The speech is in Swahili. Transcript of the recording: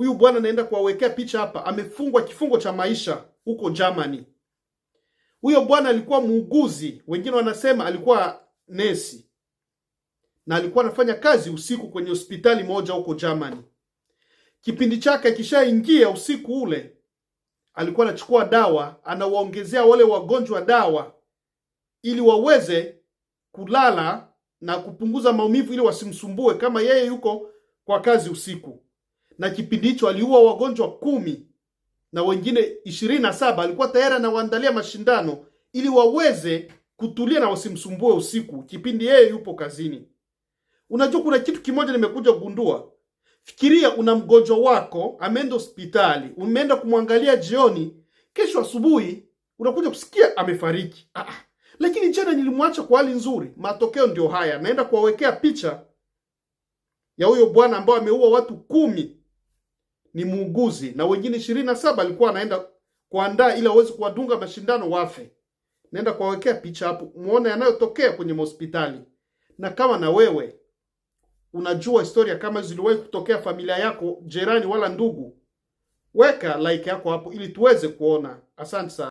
Huyu bwana anaenda kuwawekea picha hapa, amefungwa kifungo cha maisha huko Germany. Huyo bwana alikuwa muuguzi, wengine wanasema alikuwa nesi, na alikuwa anafanya kazi usiku kwenye hospitali moja huko Germany. Kipindi chake kishaingia usiku ule, alikuwa anachukua dawa, anawaongezea wale wagonjwa dawa ili waweze kulala na kupunguza maumivu, ili wasimsumbue kama yeye yuko kwa kazi usiku na kipindi hicho aliua wagonjwa kumi na wengine ishirini na saba alikuwa tayari anawaandalia mashindano ili waweze kutulia na wasimsumbue usiku kipindi yeye yupo kazini. Unajua, kuna kitu kimoja nimekuja kugundua. Fikiria una mgonjwa wako ameenda hospitali, umeenda kumwangalia jioni, kesho asubuhi unakuja kusikia amefariki. Ah, ah. lakini jana nilimwacha kwa hali nzuri. Matokeo ndio haya, naenda kuwawekea picha ya huyo bwana ambaye ameua watu kumi ni muuguzi na wengine ishirini na saba alikuwa anaenda kuandaa ili aweze kuwadunga mashindano wafe. Naenda kuwawekea picha hapo muone yanayotokea kwenye hospitali. Na kama na wewe unajua historia kama ziliwahi kutokea familia yako, jirani wala ndugu, weka like yako hapo ili tuweze kuona. Asante sana.